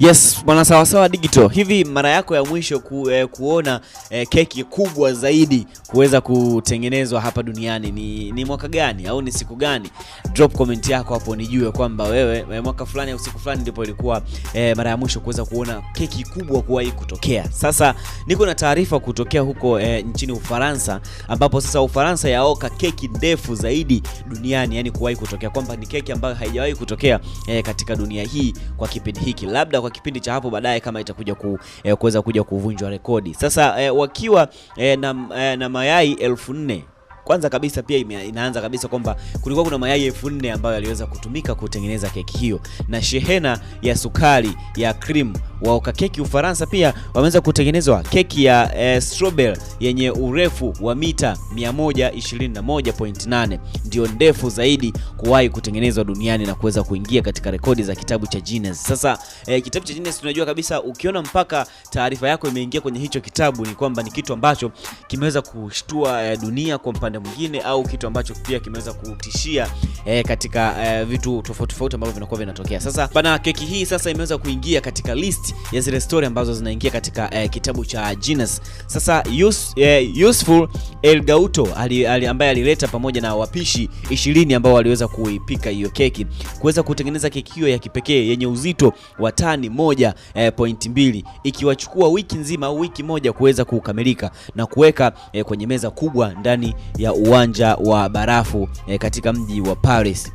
Yes, bwana sawa sawa digital. Hivi mara yako ya mwisho ku, eh, kuona eh, keki kubwa zaidi kuweza kutengenezwa hapa duniani ni, ni mwaka gani au ni siku gani? Drop comment yako hapo nijue kwamba wewe eh, mwaka fulani au siku fulani ndipo ilikuwa eh, mara ya mwisho kuweza kuona keki kubwa kuwahi kutokea. Sasa niko na taarifa kutokea huko eh, nchini Ufaransa ambapo sasa Ufaransa yaoka keki ndefu zaidi duniani yani kuwahi kutokea kwamba ni keki ambayo haijawahi kutokea eh, katika dunia hii kwa kipindi hiki labda kwa kwa kipindi cha hapo baadaye kama itakuja ku, eh, kuweza kuja kuvunjwa rekodi. Sasa eh, wakiwa eh, na, eh, na mayai elfu nne kwanza kabisa pia inaanza kabisa kwamba kulikuwa kuna mayai elfu nne ambayo yaliweza kutumika kutengeneza keki hiyo, na shehena ya sukari ya cream waoka keki Ufaransa pia wameweza kutengenezwa keki ya eh, strawberry yenye urefu wa mita 121.8 ndio ndefu zaidi kuwahi kutengenezwa duniani na kuweza kuingia katika rekodi za kitabu cha Guinness. Sasa eh, kitabu cha Guinness tunajua kabisa, ukiona mpaka taarifa yako imeingia kwenye hicho kitabu ni kwamba ni kitu ambacho kimeweza kushtua eh, dunia kwa upande mwingine au kitu ambacho pia kimeweza kutishia eh, katika eh, vitu tofauti tofauti ambavyo vinakuwa vinatokea. Sasa bana, keki hii sasa imeweza kuingia katika list ya zile story ambazo zinaingia katika eh, kitabu cha Guinness. Sasa use, eh, useful El Gauto ali, ali, ambaye alileta pamoja na wapishi ishirini ambao waliweza kuipika hiyo keki kuweza kutengeneza keki hiyo ya kipekee yenye uzito wa tani moja eh, point mbili ikiwachukua wiki nzima au wiki moja kuweza kukamilika na kuweka eh, kwenye meza kubwa ndani ya uwanja wa barafu eh, katika mji wa Paris wa